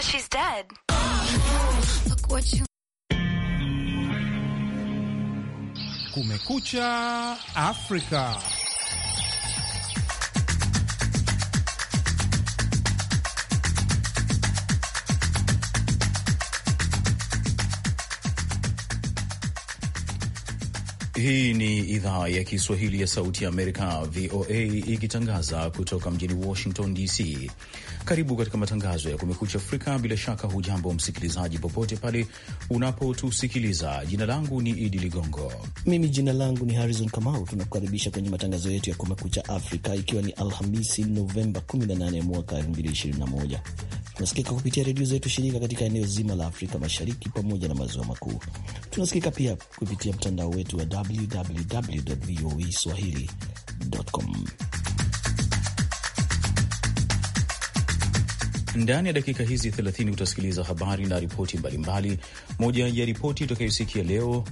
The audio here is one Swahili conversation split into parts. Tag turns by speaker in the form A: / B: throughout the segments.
A: because she's dead. Look what you...
B: Kumekucha Africa.
A: Hii ni idhaa ya Kiswahili ya Sauti ya Amerika, VOA, ikitangaza kutoka mjini Washington DC. Karibu katika matangazo ya Kumekucha Afrika. Bila shaka, hujambo msikilizaji, popote pale unapotusikiliza. Jina langu ni Idi Ligongo.
C: Mimi jina langu ni Harrison Kamau. Tunakukaribisha kwenye matangazo yetu ya Kumekucha Afrika, ikiwa ni Alhamisi Novemba 18 mwaka 2021. Tunasikika kupitia redio zetu shirika katika eneo zima la Afrika Mashariki pamoja na maziwa makuu. Tunasikika pia kupitia mtandao wetu wa www voa
A: Ndani ya dakika hizi 30 utasikiliza habari na ripoti mbalimbali. Moja ya ripoti utakayosikia leo,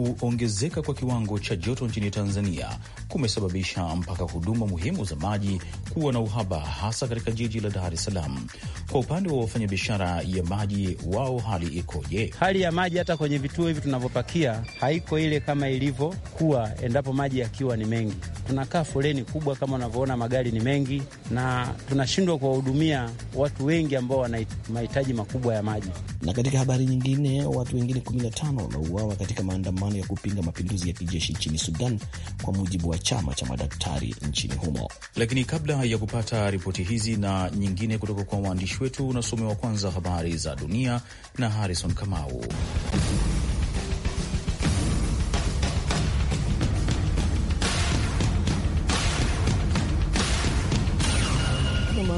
A: kuongezeka kwa kiwango cha joto nchini Tanzania kumesababisha mpaka huduma muhimu za maji kuwa na uhaba, hasa katika jiji la Dar es Salaam.
D: Kwa upande wa wafanyabiashara ya maji, wao hali ikoje? Hali ya maji hata kwenye vituo hivi tunavyopakia haiko ile kama ilivyokuwa endapo maji yakiwa ni mengi. Tunakaa foleni kubwa, kama unavyoona magari ni mengi, na tunashindwa kuwahudumia watu wengi ambao wana mahitaji makubwa ya maji.
C: Na katika habari nyingine, watu wengine 15 wanauawa katika maandamano maandamano ya kupinga mapinduzi ya kijeshi nchini Sudan, kwa mujibu wa chama cha madaktari nchini humo.
A: Lakini kabla ya kupata ripoti hizi na nyingine kutoka kwa waandishi wetu, unasomewa kwanza habari za dunia na Harrison Kamau.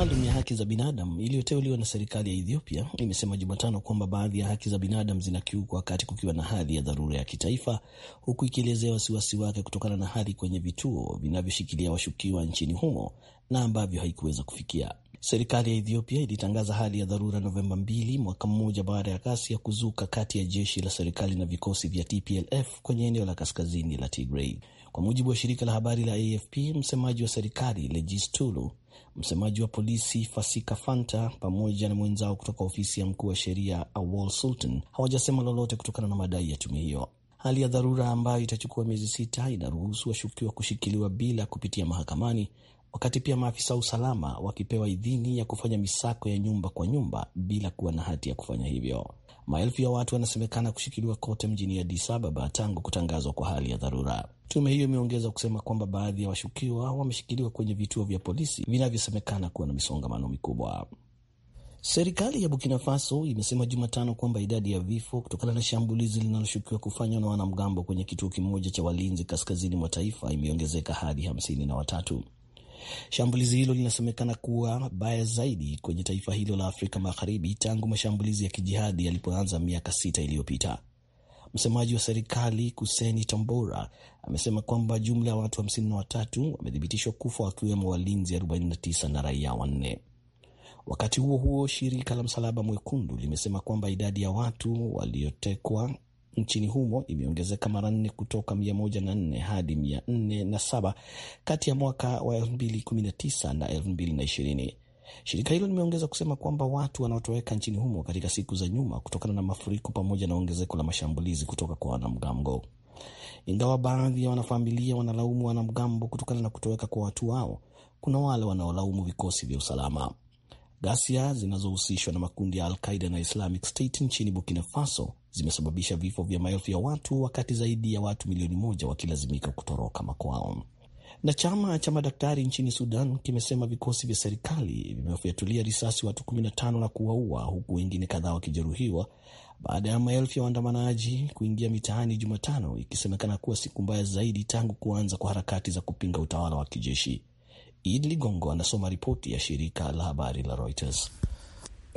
C: maalum ya haki za binadamu iliyoteuliwa na serikali ya Ethiopia imesema Jumatano kwamba baadhi ya haki za binadamu zinakiukwa wakati kukiwa na hali ya dharura ya kitaifa, huku ikielezea wasiwasi wake kutokana na hali kwenye vituo vinavyoshikilia washukiwa nchini humo na ambavyo haikuweza kufikia. Serikali ya Ethiopia ilitangaza hali ya dharura Novemba 2 mwaka mmoja baada ya kasi ya kuzuka kati ya jeshi la serikali na vikosi vya TPLF kwenye eneo la kaskazini la Tigray, kwa mujibu wa shirika la habari la AFP. Msemaji wa serikali Legis Tulu Msemaji wa polisi Fasika Fanta pamoja na mwenzao kutoka ofisi ya mkuu wa sheria awal Sultan hawajasema lolote kutokana na madai ya tume hiyo. Hali ya dharura ambayo itachukua miezi sita inaruhusu washukiwa kushikiliwa bila kupitia mahakamani, wakati pia maafisa wa usalama wakipewa idhini ya kufanya misako ya nyumba kwa nyumba bila kuwa na hati ya kufanya hivyo. Maelfu ya watu wanasemekana kushikiliwa kote mjini Addis Ababa tangu kutangazwa kwa hali ya dharura. Tume hiyo imeongeza kusema kwamba baadhi ya washukiwa wameshikiliwa kwenye vituo vya polisi vinavyosemekana kuwa na misongamano mikubwa. Serikali ya Burkina Faso imesema Jumatano kwamba idadi ya vifo kutokana na shambulizi linaloshukiwa kufanywa na wanamgambo kwenye kituo kimoja cha walinzi kaskazini mwa taifa imeongezeka hadi hamsini na watatu. Shambulizi hilo linasemekana kuwa baya zaidi kwenye taifa hilo la Afrika Magharibi tangu mashambulizi ya kijihadi yalipoanza miaka sita iliyopita. Msemaji wa serikali Kuseni Tambora amesema kwamba jumla ya watu 53 wamethibitishwa kufa wakiwemo walinzi 49 na raia wanne. Wakati huo huo, shirika la Msalaba Mwekundu limesema kwamba idadi ya watu waliotekwa nchini humo imeongezeka mara nne kutoka mia moja na nne hadi mia nne na saba kati ya mwaka wa 2019 na 2020. Shirika hilo limeongeza kusema kwamba watu wanaotoweka nchini humo katika siku za nyuma kutokana na mafuriko pamoja na ongezeko la mashambulizi kutoka kwa wanamgambo. Ingawa baadhi ya wanafamilia wanalaumu wanamgambo kutokana na kutoweka kwa watu wao, kuna wale wanaolaumu vikosi vya usalama. Ghasia zinazohusishwa na makundi ya Alqaida na Islamic State nchini Burkina Faso zimesababisha vifo vya maelfu ya watu, wakati zaidi ya watu milioni moja wakilazimika kutoroka makwao. Na chama cha madaktari nchini Sudan kimesema vikosi vya serikali vimefyatulia risasi watu 15 na kuwaua huku wengine kadhaa wakijeruhiwa baada ya maelfu ya waandamanaji kuingia mitaani Jumatano, ikisemekana kuwa siku mbaya zaidi tangu kuanza kwa harakati za kupinga utawala
A: wa kijeshi. Idi Ligongo anasoma ripoti ya shirika la habari la Reuters.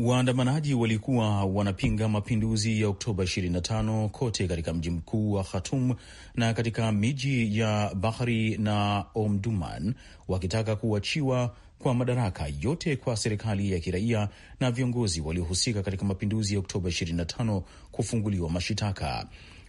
A: Waandamanaji walikuwa wanapinga mapinduzi ya Oktoba 25 kote katika mji mkuu wa Khartoum na katika miji ya Bahri na Omdurman wakitaka kuachiwa kwa madaraka yote kwa serikali ya kiraia na viongozi waliohusika katika mapinduzi ya Oktoba 25 kufunguliwa mashitaka.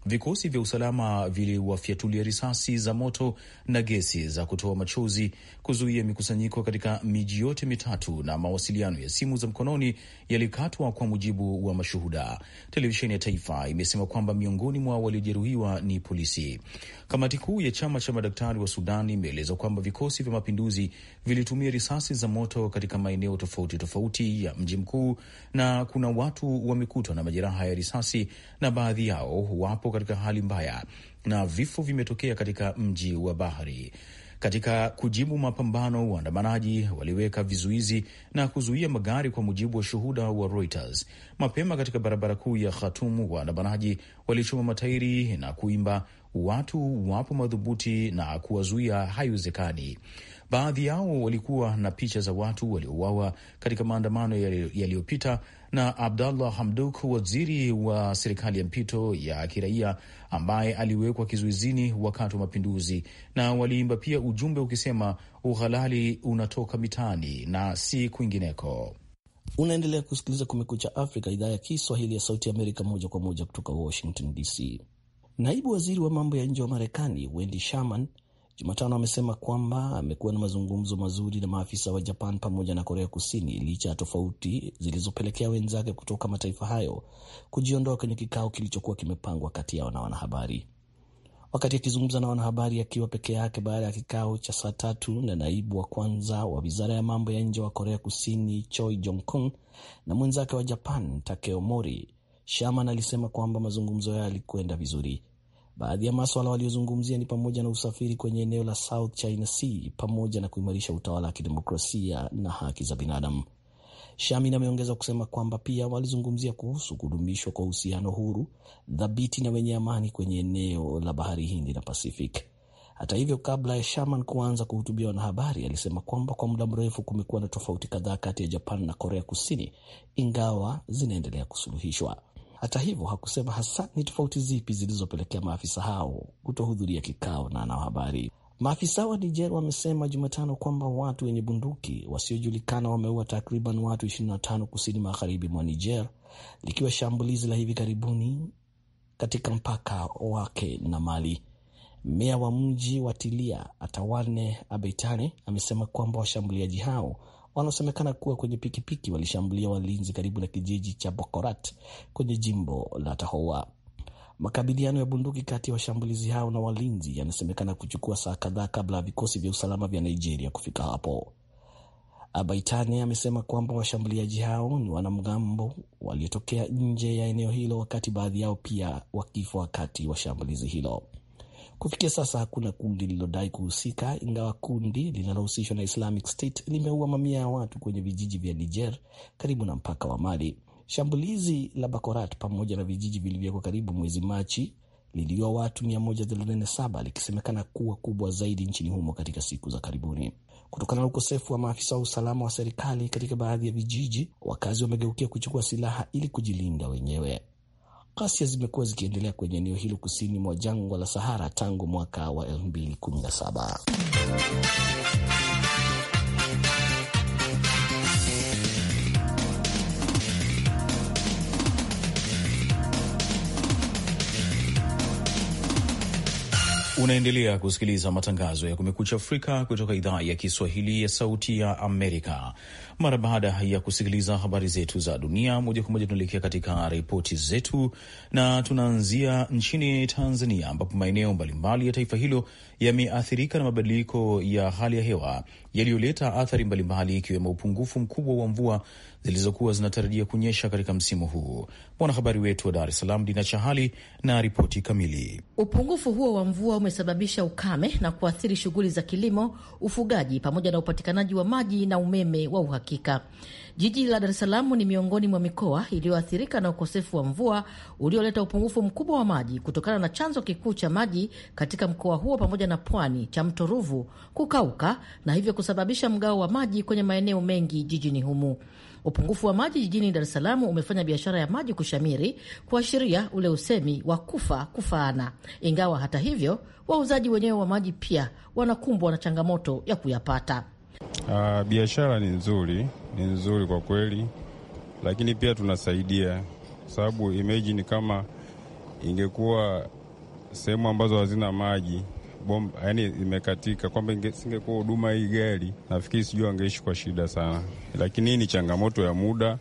A: Vikosi vya usalama viliwafyatulia risasi za moto na gesi za kutoa machozi kuzuia mikusanyiko katika miji yote mitatu, na mawasiliano ya simu za mkononi yalikatwa, kwa mujibu wa mashuhuda. Televisheni ya taifa imesema kwamba miongoni mwa waliojeruhiwa ni polisi. Kamati kuu ya chama cha madaktari wa Sudan imeeleza kwamba vikosi vya mapinduzi vilitumia risasi za moto katika maeneo tofauti tofauti ya mji mkuu, na kuna watu wamekutwa na majeraha ya risasi na baadhi yao wapo katika hali mbaya na vifo vimetokea katika mji wa Bahari. Katika kujibu mapambano, waandamanaji waliweka vizuizi na kuzuia magari, kwa mujibu wa shuhuda wa Reuters. Mapema katika barabara kuu ya Khatumu, waandamanaji walichoma matairi na kuimba watu wapo madhubuti na kuwazuia haiwezekani. Baadhi yao walikuwa na picha za watu waliouawa katika maandamano yaliyopita na Abdallah Hamduk, waziri wa serikali ya mpito ya kiraia ambaye aliwekwa kizuizini wakati wa mapinduzi, na waliimba pia ujumbe ukisema uhalali unatoka mitaani na si kwingineko.
C: Unaendelea kusikiliza Kumekucha Afrika, idhaa ya Kiswahili ya Sauti ya Amerika, moja kwa moja kutoka Washington DC. Naibu waziri wa mambo ya nje wa Marekani Wendy Sherman Jumatano amesema kwamba amekuwa na mazungumzo mazuri na maafisa wa Japan pamoja na Korea Kusini licha ya tofauti zilizopelekea wenzake kutoka mataifa hayo kujiondoa kwenye kikao kilichokuwa kimepangwa kati yao na wanahabari. Wakati akizungumza na wanahabari akiwa peke yake baada ya kikao cha saa tatu na naibu wa kwanza wa wizara ya mambo ya nje wa Korea Kusini Choi Jong-kung na mwenzake wa Japan Takeo Mori, Shaman alisema kwamba mazungumzo yao yalikwenda vizuri. Baadhi ya maswala waliozungumzia ni pamoja na usafiri kwenye eneo la South China Sea pamoja na kuimarisha utawala wa kidemokrasia na haki za binadamu. Shamin ameongeza kusema kwamba pia walizungumzia kuhusu kudumishwa kwa uhusiano huru, dhabiti na wenye amani kwenye eneo la bahari Hindi na Pacific. Hata hivyo, kabla ya Shaman kuanza kuhutubia wanahabari, alisema kwamba kwa muda mrefu kumekuwa na tofauti kadhaa kati ya Japan na Korea Kusini, ingawa zinaendelea kusuluhishwa. Hata hivyo hakusema hasa ni tofauti zipi zilizopelekea maafisa hao kutohudhuria kikao na wanahabari. Maafisa wa Niger wamesema Jumatano kwamba watu wenye bunduki wasiojulikana wameua takriban watu 25 kusini magharibi mwa Niger, likiwa shambulizi la hivi karibuni katika mpaka wake na Mali. Meya wa mji wa Tilia Atawane Abeitane amesema kwamba washambuliaji hao wanaosemekana kuwa kwenye pikipiki walishambulia walinzi karibu na kijiji cha Bokorat kwenye jimbo la Tahoa. Makabiliano ya bunduki kati ya wa washambulizi hao na walinzi yanasemekana kuchukua saa kadhaa kabla ya vikosi vya usalama vya Nigeria kufika hapo. Abaitane amesema kwamba washambuliaji hao ni wanamgambo waliotokea nje ya eneo hilo, wakati baadhi yao pia wakifa wakati wa shambulizi hilo. Kufikia sasa hakuna kundi lililodai kuhusika, ingawa kundi linalohusishwa na Islamic State limeua mamia ya watu kwenye vijiji vya Niger karibu na mpaka wa Mali. Shambulizi la Bakorat pamoja na vijiji vilivyoko karibu mwezi Machi liliua watu 137 likisemekana kuwa kubwa zaidi nchini humo katika siku za karibuni. Kutokana na ukosefu wa maafisa wa usalama wa serikali katika baadhi ya vijiji, wakazi wamegeukia kuchukua silaha ili kujilinda wenyewe. Ghasia zimekuwa zikiendelea kwenye eneo hilo kusini mwa jangwa la Sahara tangu mwaka wa 2017.
A: Unaendelea kusikiliza matangazo ya Kumekucha Afrika kutoka idhaa ya Kiswahili ya Sauti ya Amerika. Mara baada ya kusikiliza habari zetu za dunia, moja kwa moja tunaelekea katika ripoti zetu, na tunaanzia nchini Tanzania, ambapo maeneo mbalimbali ya taifa hilo yameathirika na mabadiliko ya hali ya hewa yaliyoleta athari mbalimbali, ikiwemo upungufu mkubwa wa mvua zilizokuwa zinatarajia kunyesha katika msimu huu. Mwanahabari wetu wa Dar es Salaam, Dina Chahali, na ripoti kamili.
E: Upungufu huo wa mvua umesababisha ukame na kuathiri shughuli za kilimo, ufugaji, pamoja na upatikanaji wa maji na umeme wa uhakika. Jiji la Dar es Salaam ni miongoni mwa mikoa iliyoathirika na ukosefu wa mvua ulioleta upungufu mkubwa wa maji kutokana na chanzo kikuu cha maji katika mkoa huo pamoja na pwani cha mto Ruvu kukauka na hivyo kusababisha mgao wa maji kwenye maeneo mengi jijini humu. Upungufu wa maji jijini Dar es Salaam umefanya biashara ya maji kushamiri, kuashiria ule usemi wa kufa kufaana. Ingawa hata hivyo, wauzaji wenyewe wa maji pia wanakumbwa na changamoto ya kuyapata.
B: Uh, biashara ni nzuri, ni nzuri kwa kweli, lakini pia tunasaidia kwa sababu imagine kama ingekuwa sehemu ambazo hazina maji bomba, yani imekatika, kwamba singekuwa huduma hii gari, nafikiri sijui angeishi kwa shida sana, lakini hii ni changamoto ya muda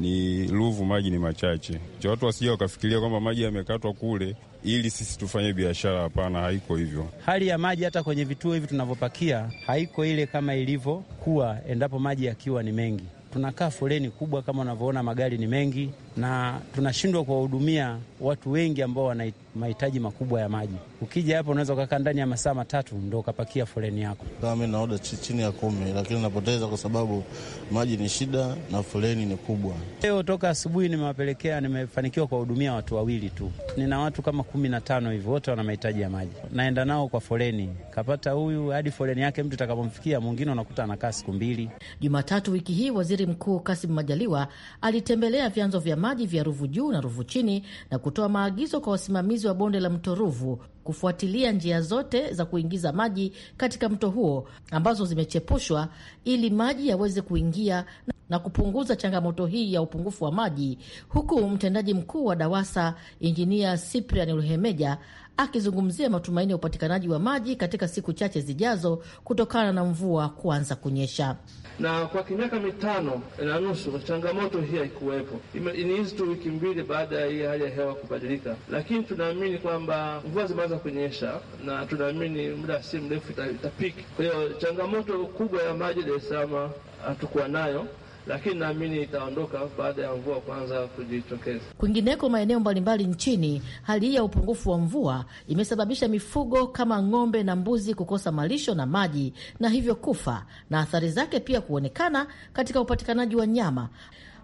B: ni Ruvu maji ni machache, cha watu wasija wakafikiria kwamba maji yamekatwa kule ili sisi tufanye biashara. Hapana, haiko hivyo.
D: Hali ya maji hata kwenye vituo hivi tunavyopakia haiko ile kama ilivyokuwa endapo maji yakiwa ni mengi. Tunakaa foleni kubwa, kama unavyoona magari ni mengi, na tunashindwa kuwahudumia watu wengi ambao wana mahitaji makubwa ya maji. Ukija hapa unaweza ukakaa ndani ya masaa matatu ndo ukapakia foleni yako. Kama mi naoda chini ya kumi, lakini napoteza kwa sababu maji ni shida na foleni ni kubwa. Leo toka asubuhi nimewapelekea, nimefanikiwa kuwahudumia watu wawili tu. Nina watu kama kumi na tano hivi, wote wana mahitaji ya maji, naenda nao kwa foleni. Kapata huyu hadi foleni yake mtu itakapomfikia, mwingine unakuta anakaa siku mbili. Jumatatu wiki hii, waziri mkuu Kasim Majaliwa
E: alitembelea vyanzo vya maji vya Ruvu juu na Ruvu chini na kutoa maagizo kwa wasimamizi wa bonde la mto Ruvu kufuatilia njia zote za kuingiza maji katika mto huo ambazo zimechepushwa ili maji yaweze kuingia na kupunguza changamoto hii ya upungufu wa maji, huku mtendaji mkuu wa DAWASA Injinia Cyprian Luhemeja akizungumzia matumaini ya upatikanaji wa maji katika siku chache zijazo kutokana na mvua kuanza kunyesha
D: na kwa miaka mitano na nusu changamoto hii haikuwepo. Ni hizi tu wiki mbili baada ya hii hali ya hewa kubadilika, lakini tunaamini kwamba mvua zimeanza kunyesha na tunaamini muda si mrefu itapiki. Kwa hiyo changamoto kubwa ya maji Dar es Salaam hatukuwa nayo lakini naamini itaondoka baada ya mvua kuanza kujitokeza.
E: Kwingineko, maeneo mbalimbali nchini, hali hii ya upungufu wa mvua imesababisha mifugo kama ng'ombe na mbuzi kukosa malisho na maji na hivyo kufa, na athari zake pia kuonekana katika upatikanaji wa nyama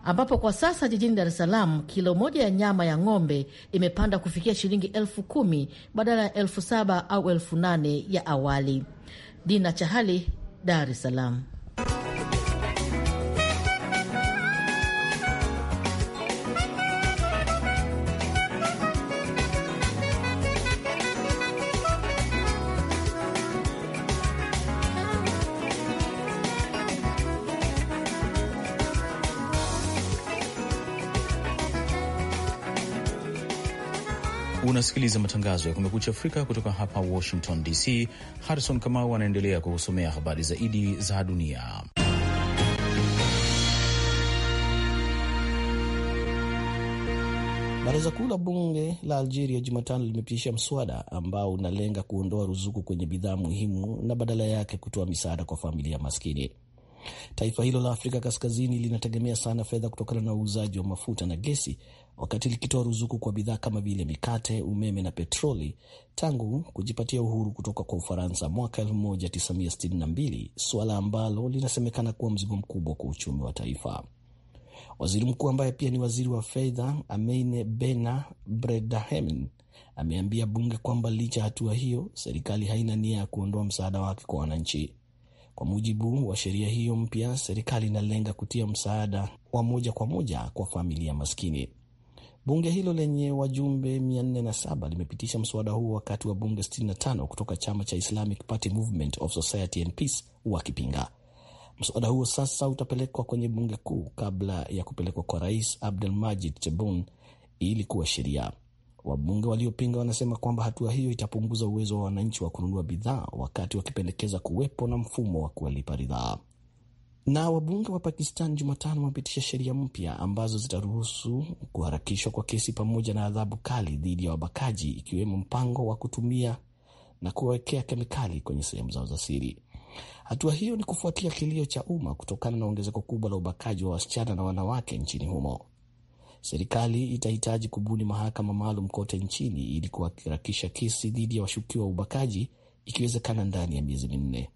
E: ambapo kwa sasa jijini Dar es Salaam kilo moja ya nyama ya ng'ombe imepanda kufikia shilingi elfu kumi badala ya elfu saba au elfu nane ya awali. Dina Chahali, Dar es Salaam.
A: Unasikiliza matangazo ya Kumekucha Afrika kutoka hapa Washington DC. Harrison Kamau anaendelea kukusomea habari zaidi za dunia.
C: Baraza kuu la bunge la Algeria Jumatano limepitisha mswada ambao unalenga kuondoa ruzuku kwenye bidhaa muhimu na badala yake kutoa misaada kwa familia maskini. Taifa hilo la Afrika Kaskazini linategemea sana fedha kutokana na uuzaji wa mafuta na gesi wakati likitoa ruzuku kwa bidhaa kama vile mikate, umeme na petroli tangu kujipatia uhuru kutoka kwa Ufaransa mwaka 1962, suala ambalo linasemekana kuwa mzigo mkubwa kwa uchumi wa taifa. Waziri mkuu ambaye pia ni waziri wa fedha Ameine Bena Bredahemen ameambia bunge kwamba licha ya hatua hiyo, serikali haina nia ya kuondoa msaada wake kwa wananchi. Kwa mujibu wa sheria hiyo mpya, serikali inalenga kutia msaada wa moja kwa moja kwa familia maskini. Bunge hilo lenye wajumbe 407 limepitisha mswada huo wakati wa bunge 65 kutoka chama cha Islamic Party Movement of Society and Peace wakipinga. Mswada huo sasa utapelekwa kwenye bunge kuu kabla ya kupelekwa kwa Rais majid Tebboune ili kuwa sheria. Wabunge waliopinga wanasema kwamba hatua hiyo itapunguza uwezo wa wananchi wa kununua bidhaa, wakati wakipendekeza kuwepo na mfumo wa kuwalipa ridhaa. Na wabunge wa Pakistan Jumatano wamepitisha sheria mpya ambazo zitaruhusu kuharakishwa kwa kesi pamoja na adhabu kali dhidi ya wabakaji, ikiwemo mpango wa kutumia na kuwekea kemikali kwenye sehemu zao za siri. Hatua hiyo ni kufuatia kilio cha umma kutokana na ongezeko kubwa la ubakaji wa wasichana na wanawake nchini humo. Serikali itahitaji kubuni mahakama maalum kote nchini ili kuharakisha kesi dhidi ya washukiwa wa ubakaji, ikiwezekana ndani ya miezi minne.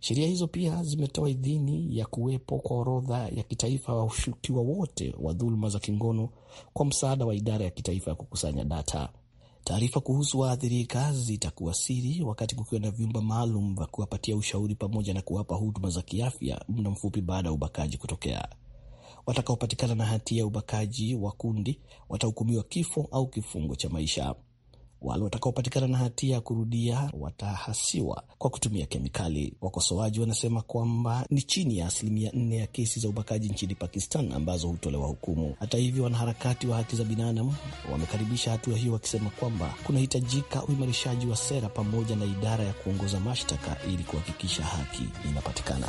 C: Sheria hizo pia zimetoa idhini ya kuwepo kwa orodha ya kitaifa washukiwa wote wa dhuluma za kingono kwa msaada wa idara ya kitaifa ya kukusanya data. Taarifa kuhusu waathirika zitakuwa siri, wakati kukiwa na vyumba maalum vya kuwapatia ushauri pamoja na kuwapa huduma za kiafya muda mfupi baada ya ubakaji kutokea. Watakaopatikana na hatia ya ubakaji wa kundi watahukumiwa kifo au kifungo cha maisha. Wale watakaopatikana na hatia ya kurudia watahasiwa kwa kutumia kemikali. Wakosoaji wanasema kwamba ni chini ya asilimia nne ya kesi za ubakaji nchini Pakistan ambazo hutolewa hukumu. Hata hivyo, wanaharakati wa haki za binadamu wamekaribisha hatua hiyo, wakisema kwamba kunahitajika uimarishaji wa sera pamoja na idara ya kuongoza mashtaka ili kuhakikisha haki inapatikana.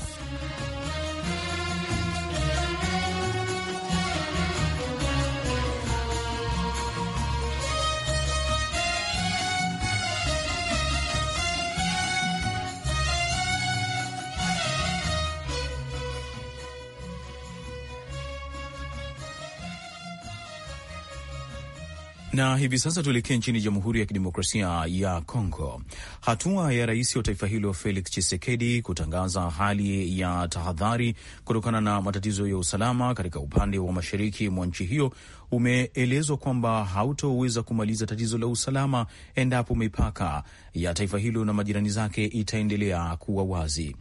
A: Na hivi sasa tuelekee nchini Jamhuri ya Kidemokrasia ya Kongo. Hatua ya rais wa taifa hilo Felix Tshisekedi kutangaza hali ya tahadhari kutokana na matatizo ya usalama katika upande wa mashariki mwa nchi hiyo umeelezwa kwamba hautoweza kumaliza tatizo la usalama endapo mipaka ya taifa hilo na majirani zake itaendelea kuwa wazi.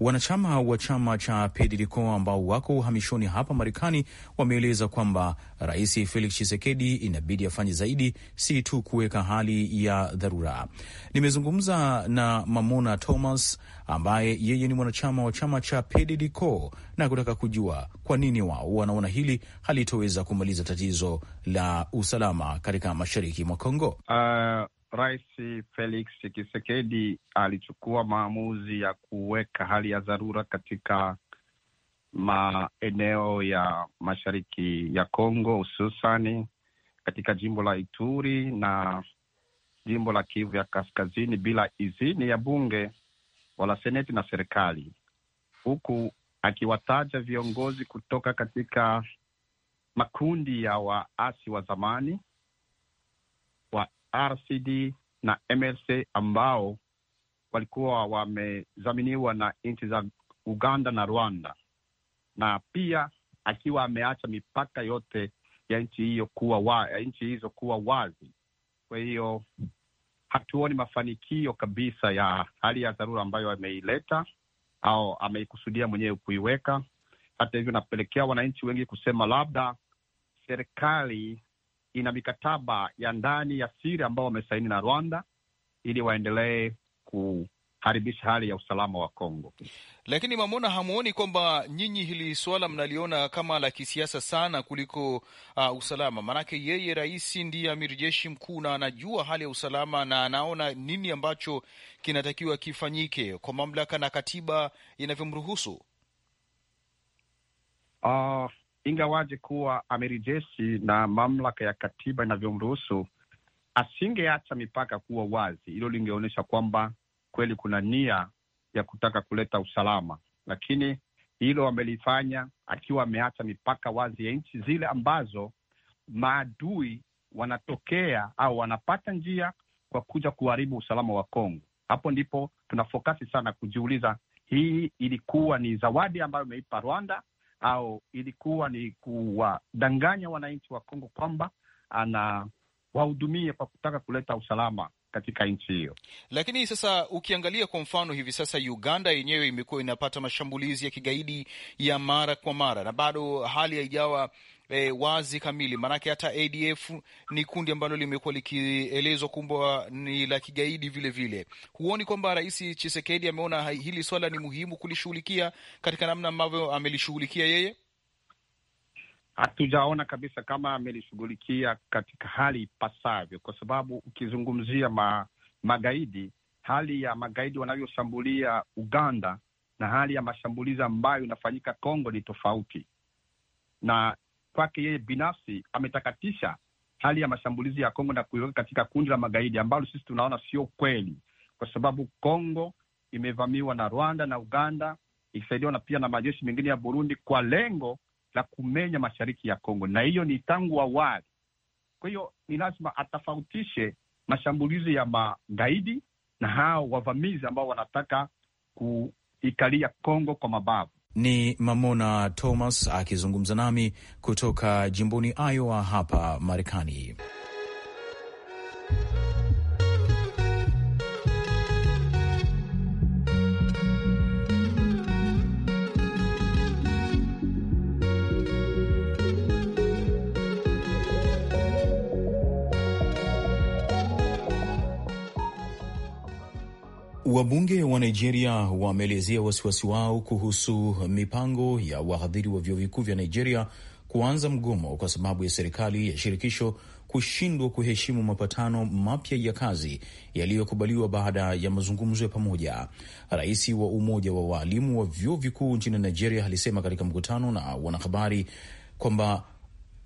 A: Wanachama wa chama cha PEDELCO ambao wako uhamishoni hapa Marekani wameeleza kwamba Rais Felix Tshisekedi inabidi afanye zaidi, si tu kuweka hali ya dharura. Nimezungumza na Mamona Thomas ambaye yeye ni mwanachama wa chama cha PEDELCO na kutaka kujua kwa nini wao wanaona hili halitoweza kumaliza tatizo la usalama katika mashariki mwa Kongo.
B: Uh... Rais Felix Tshisekedi alichukua maamuzi ya kuweka hali ya dharura katika maeneo ya mashariki ya Kongo, hususani katika jimbo la Ituri na jimbo la Kivu ya Kaskazini bila idhini ya bunge wala seneti na serikali, huku akiwataja viongozi kutoka katika makundi ya waasi wa zamani RCD na MRC ambao walikuwa wamezaminiwa na nchi za Uganda na Rwanda, na pia akiwa ameacha mipaka yote ya nchi hiyo kuwa wa, ya nchi hizo kuwa wazi. Kwa hiyo hatuoni mafanikio kabisa ya hali ya dharura ambayo ameileta au ameikusudia mwenyewe kuiweka. Hata hivyo, napelekea wananchi wengi kusema labda serikali ina mikataba ya ndani ya siri ambao wamesaini na Rwanda ili waendelee kuharibisha hali ya usalama wa Kongo.
A: Lakini mamona, hamuoni kwamba nyinyi hili suala mnaliona kama la kisiasa sana kuliko uh, usalama? Maanake yeye rais ndiye amiri jeshi mkuu na anajua hali ya usalama na anaona nini ambacho kinatakiwa kifanyike kwa mamlaka na katiba inavyomruhusu.
B: Uh, ingawaje kuwa amiri jeshi na mamlaka ya katiba inavyomruhusu asingeacha mipaka kuwa wazi. Hilo lingeonyesha kwamba kweli kuna nia ya kutaka kuleta usalama, lakini hilo amelifanya akiwa ameacha mipaka wazi ya nchi zile ambazo maadui wanatokea au wanapata njia kwa kuja kuharibu usalama wa Kongo. Hapo ndipo tunafokasi sana kujiuliza, hii ilikuwa ni zawadi ambayo imeipa Rwanda au ilikuwa ni kuwadanganya wananchi wa Kongo kwamba anawahudumia kwa kutaka kuleta usalama katika nchi hiyo.
A: Lakini sasa ukiangalia kwa mfano hivi sasa Uganda yenyewe imekuwa inapata mashambulizi ya kigaidi ya mara kwa mara, na bado hali haijawa e, wazi kamili, maanake hata ADF ni kundi ambalo limekuwa likielezwa kumbwa ni la kigaidi vilevile. Huoni kwamba Rais Chisekedi ameona hili swala ni muhimu kulishughulikia katika namna ambavyo amelishughulikia yeye?
B: Hatujaona kabisa kama amelishughulikia katika hali ipasavyo, kwa sababu ukizungumzia ma, magaidi, hali ya magaidi wanavyoshambulia Uganda na hali ya mashambulizi ambayo inafanyika Kongo ni tofauti, na kwake yeye binafsi ametakatisha hali ya mashambulizi ya Kongo na kuiweka katika kundi la magaidi ambalo sisi tunaona sio kweli, kwa sababu Kongo imevamiwa na Rwanda na Uganda ikisaidiwa na pia na majeshi mengine ya Burundi kwa lengo la kumenya mashariki ya Kongo, na hiyo ni tangu awali. Kwa hiyo ni lazima atofautishe mashambulizi ya magaidi na hao wavamizi ambao wanataka kuikalia Kongo kwa mabavu. Ni
A: Mamona Thomas akizungumza nami kutoka jimboni Iowa hapa Marekani. Wabunge wa Nigeria wameelezea wasiwasi wao kuhusu mipango ya wahadhiri wa vyuo vikuu vya Nigeria kuanza mgomo kwa sababu ya serikali ya shirikisho kushindwa kuheshimu mapatano mapya ya kazi yaliyokubaliwa baada ya mazungumzo ya pamoja. Rais wa umoja wa waalimu wa vyuo vikuu nchini Nigeria alisema katika mkutano na wanahabari kwamba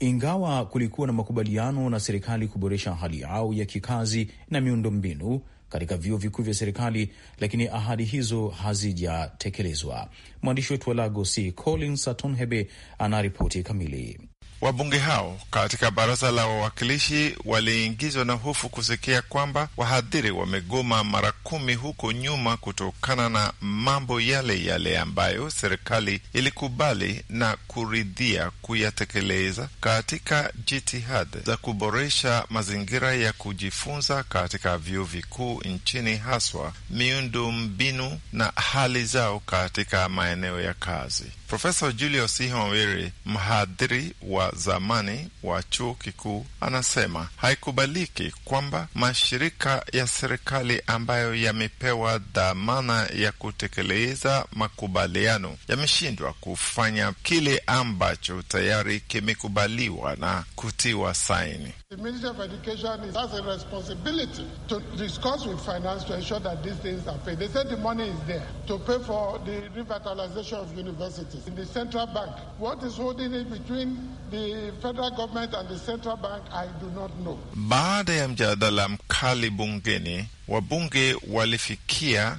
A: ingawa kulikuwa na makubaliano na serikali kuboresha hali yao ya kikazi na miundombinu katika vyuo vikuu vya serikali, lakini ahadi hizo hazijatekelezwa. Mwandishi wetu wa Lagosi, Collins Atonhebe, anaripoti
F: kamili. Wabunge hao katika baraza la wawakilishi waliingizwa na hofu kusikia kwamba wahadhiri wamegoma mara kumi huko nyuma kutokana na mambo yale yale ambayo serikali ilikubali na kuridhia kuyatekeleza katika jitihada za kuboresha mazingira ya kujifunza katika vyuo vikuu nchini, haswa miundo mbinu na hali zao katika maeneo ya kazi. Profesa Julius Ihonwere, mhadhiri wa zamani wa chuo kikuu anasema haikubaliki kwamba mashirika ya serikali ambayo yamepewa dhamana ya kutekeleza makubaliano yameshindwa kufanya kile ambacho tayari kimekubaliwa na kutiwa saini. The Ministry of Education has a responsibility to discuss with finance to ensure that these things are paid. They said the money is there to pay for the revitalization of universities. In the central bank, what is holding it between the federal government and the central bank, I do not know. Baada ya mjadala mkali bungeni, wabunge walifikia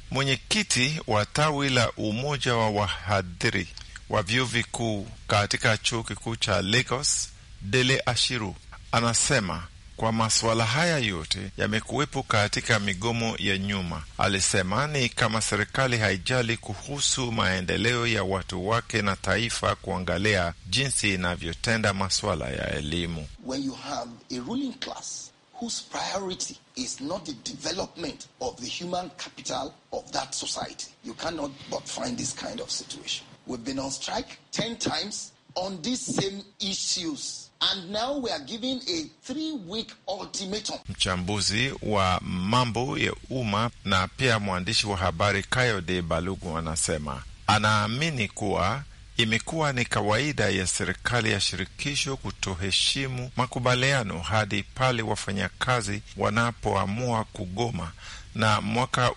F: mwenyekiti wa tawi la umoja wa wahadhiri wa vyuo vikuu katika chuo kikuu cha Lagos, Dele Ashiru, anasema kwa masuala haya yote yamekuwepo katika migomo ya nyuma. Alisema ni kama serikali haijali kuhusu maendeleo ya watu wake na taifa, kuangalia jinsi inavyotenda masuala ya elimu.
B: When you have a ruling class whose priority is not the development of the human capital of that society. You cannot but find this kind of situation. We've been on strike 10 times on these same issues. And now we are giving a three week ultimatum.
F: Mchambuzi wa mambo ya umma na pia mwandishi wa habari Kayode Balugu anasema anaamini kuwa Imekuwa ni kawaida ya serikali ya shirikisho kutoheshimu makubaliano hadi pale wafanyakazi wanapoamua kugoma, na mwaka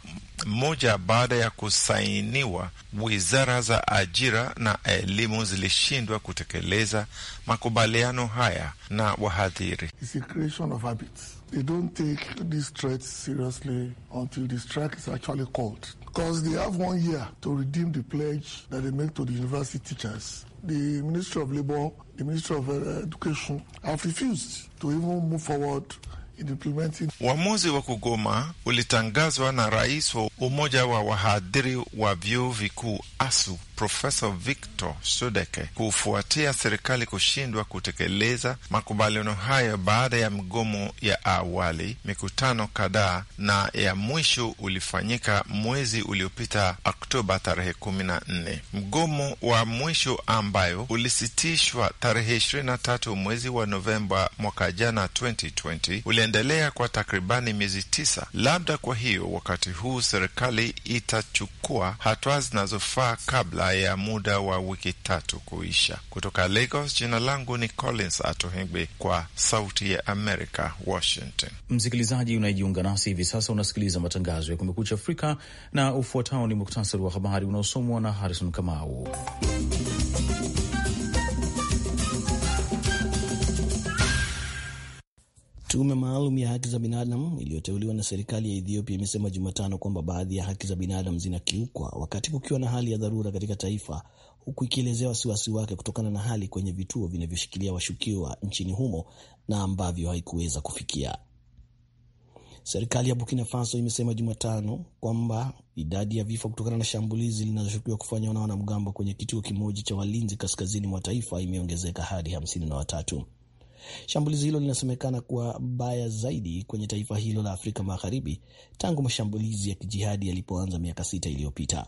F: mmoja baada ya kusainiwa, wizara za ajira na elimu zilishindwa kutekeleza makubaliano haya na wahadhiri. because they have one year to redeem the pledge that they made to the university teachers. The Ministry of Labor, the Ministry of uh, Education have refused to even move forward Uamuzi wa kugoma ulitangazwa na rais wa umoja wa wahadhiri wa vyuo vikuu ASU Profesa Victor Sudeke kufuatia serikali kushindwa kutekeleza makubaliano hayo baada ya mgomo ya awali. Mikutano kadhaa na ya mwisho ulifanyika mwezi uliopita Oktoba tarehe kumi na nne, mgomo wa mwisho ambayo ulisitishwa tarehe ishirini na tatu mwezi wa Novemba mwaka jana 2020 uliendelea kwa takribani miezi tisa. Labda kwa hiyo wakati huu serikali itachukua hatua zinazofaa kabla ya muda wa wiki tatu kuisha. Kutoka Lagos, jina langu ni Collins Atohengbe kwa Sauti ya america Washington.
A: Msikilizaji unayejiunga nasi hivi sasa, unasikiliza matangazo ya Kumekucha Afrika na ufuatao ni muktasari wa habari unaosomwa na Harrison Kamau.
C: Tume maalum ya haki za binadamu iliyoteuliwa na serikali ya Ethiopia imesema Jumatano kwamba baadhi ya haki za binadamu zinakiukwa wakati kukiwa na hali ya dharura katika taifa, huku ikielezea wasiwasi wake kutokana na hali kwenye vituo vinavyoshikilia washukiwa nchini humo na ambavyo haikuweza kufikia. Serikali ya Burkina Faso imesema Jumatano kwamba idadi ya vifo kutokana na shambulizi linaloshukiwa kufanywa na wanamgambo kwenye kituo kimoja cha walinzi kaskazini mwa taifa imeongezeka hadi hamsini na watatu. Shambulizi hilo linasemekana kuwa baya zaidi kwenye taifa hilo la Afrika Magharibi tangu mashambulizi ya kijihadi yalipoanza miaka sita iliyopita.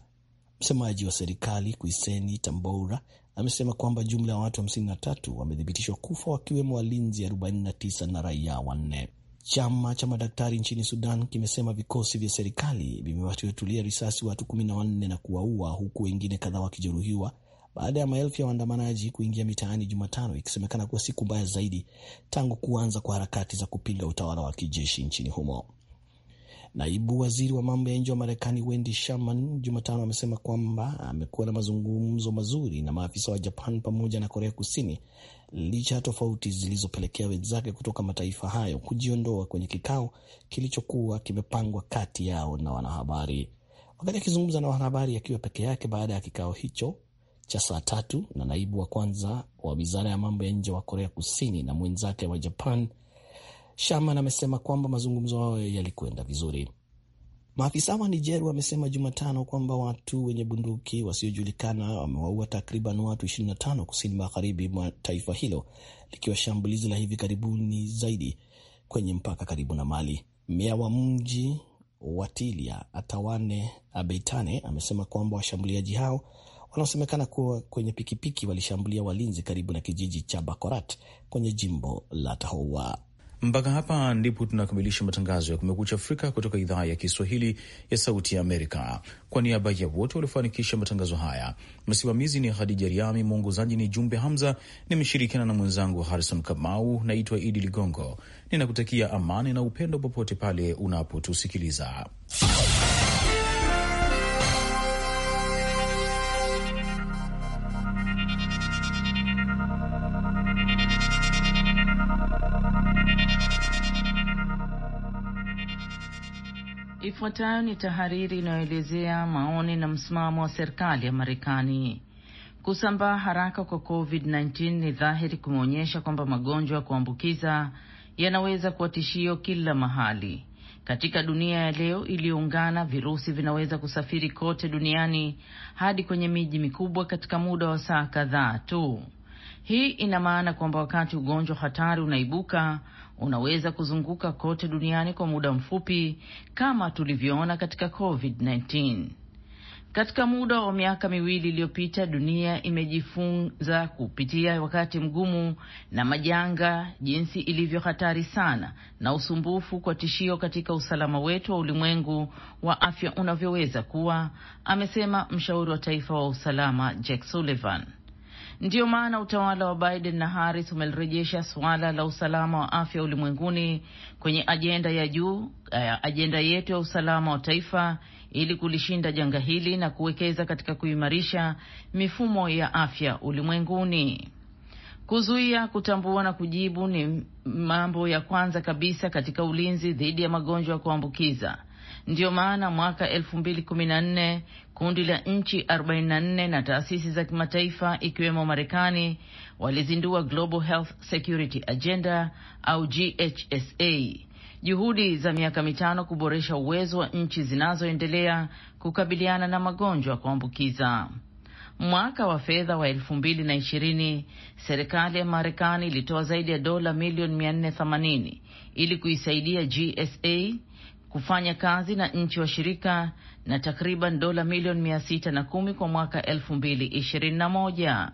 C: Msemaji wa serikali Kuiseni Tamboura amesema kwamba jumla ya watu 53 wamethibitishwa kufa wakiwemo walinzi 49 na raia wanne. Chama cha madaktari nchini Sudan kimesema vikosi vya serikali vimewatutulia risasi watu kumi na wanne na kuwaua huku wengine kadhaa wakijeruhiwa baada ya maelfu ya waandamanaji kuingia mitaani Jumatano, ikisemekana kuwa siku mbaya zaidi tangu kuanza kwa harakati za kupinga utawala wa kijeshi nchini humo. Naibu waziri wa mambo ya nje wa Marekani Wendy Sherman Jumatano amesema kwamba amekuwa na mazungumzo mazuri na maafisa wa Japan pamoja na Korea Kusini licha ya tofauti zilizopelekea wenzake kutoka mataifa hayo kujiondoa kwenye kikao kilichokuwa kimepangwa kati yao na wanahabari. Wakati akizungumza na wanahabari akiwa peke yake baada ya kikao hicho, cha saa tatu na naibu wa kwanza wa wizara ya mambo ya nje wa Korea Kusini na mwenzake wa Japan, Shaman amesema kwamba mazungumzo hayo yalikwenda vizuri. Maafisa wa Niger wamesema Jumatano kwamba watu wenye bunduki wasiojulikana wamewaua takriban watu 25 kusini magharibi mwa taifa hilo, likiwa shambulizi la hivi karibuni zaidi kwenye mpaka karibu na Mali. Meya wa mji wa Tilia Atawane Abeitane amesema kwamba washambuliaji hao wanaosemekana kuwa kwenye pikipiki walishambulia walinzi karibu na kijiji cha Bakorat kwenye
A: jimbo la Tahoua. Mpaka hapa ndipo tunakamilisha matangazo ya Kumekucha Afrika kutoka idhaa ya Kiswahili ya Sauti ya Amerika. Kwa niaba ya wote waliofanikisha matangazo haya, msimamizi ni Hadija Riami, mwongozaji ni Jumbe Hamza. Nimeshirikiana na mwenzangu Harrison Kamau. Naitwa Idi Ligongo, ninakutakia amani na upendo popote pale unapotusikiliza.
G: Ifuatayo ni tahariri inayoelezea maoni na msimamo wa serikali ya Marekani. Kusambaa haraka kwa COVID-19 ni dhahiri kumeonyesha kwamba magonjwa ya kuambukiza yanaweza kuwa tishio kila mahali katika dunia ya leo iliyoungana. Virusi vinaweza kusafiri kote duniani hadi kwenye miji mikubwa katika muda wa saa kadhaa tu. Hii ina maana kwamba wakati ugonjwa hatari unaibuka, unaweza kuzunguka kote duniani kwa muda mfupi kama tulivyoona katika COVID-19. Katika muda wa miaka miwili iliyopita, dunia imejifunza kupitia wakati mgumu na majanga, jinsi ilivyo hatari sana na usumbufu kwa tishio katika usalama wetu wa ulimwengu wa afya unavyoweza kuwa, amesema mshauri wa taifa wa usalama Jack Sullivan. Ndiyo maana utawala wa Biden na Harris umelirejesha suala la usalama wa afya ulimwenguni kwenye ajenda ya juu, eh, ajenda yetu ya usalama wa taifa ili kulishinda janga hili na kuwekeza katika kuimarisha mifumo ya afya ulimwenguni. Kuzuia, kutambua na kujibu ni mambo ya kwanza kabisa katika ulinzi dhidi ya magonjwa ya kuambukiza Ndiyo maana mwaka elfu mbili kumi na nne kundi la nchi 44 na taasisi za kimataifa ikiwemo Marekani walizindua Global Health Security Agenda au GHSA, juhudi za miaka mitano kuboresha uwezo wa nchi zinazoendelea kukabiliana na magonjwa ya kuambukiza. Mwaka wa fedha wa elfu mbili na ishirini serikali ya Marekani ilitoa zaidi ya dola milioni 480 ili kuisaidia GSA kufanya kazi na nchi washirika na takriban dola milioni kumi kwa mwaka moja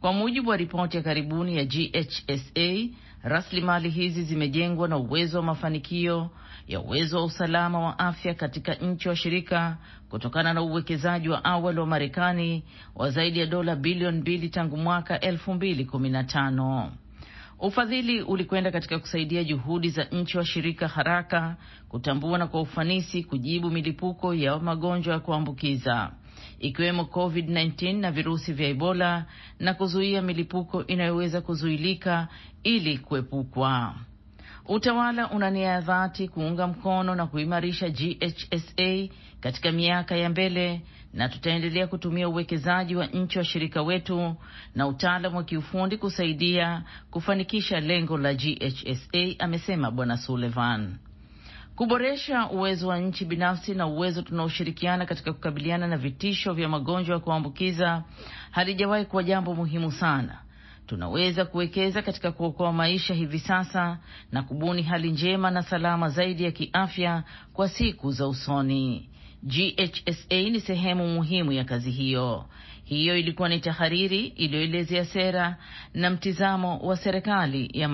G: Kwa mujibu wa ripoti ya karibuni ya GHSA, rasilimali hizi zimejengwa na uwezo wa mafanikio ya uwezo wa usalama wa afya katika nchi washirika kutokana na uwekezaji wa awali wa Marekani wa zaidi ya dola bilioni mbili tangu mwaka tano. Ufadhili ulikwenda katika kusaidia juhudi za nchi wa shirika haraka kutambua na kwa ufanisi kujibu milipuko ya magonjwa ya kuambukiza ikiwemo COVID-19 na virusi vya Ebola na kuzuia milipuko inayoweza kuzuilika ili kuepukwa. Utawala una nia ya dhati kuunga mkono na kuimarisha GHSA katika miaka ya mbele na tutaendelea kutumia uwekezaji wa nchi washirika wetu na utaalam wa kiufundi kusaidia kufanikisha lengo la GHSA, amesema Bwana Sullivan. Kuboresha uwezo wa nchi binafsi na uwezo tunaoshirikiana katika kukabiliana na vitisho vya magonjwa ya kuambukiza halijawahi kuwa jambo muhimu sana. Tunaweza kuwekeza katika kuokoa maisha hivi sasa na kubuni hali njema na salama zaidi ya kiafya kwa siku za usoni. GHSA ni sehemu muhimu ya kazi hiyo. Hiyo ilikuwa ni tahariri iliyoelezea sera na mtizamo wa serikali ya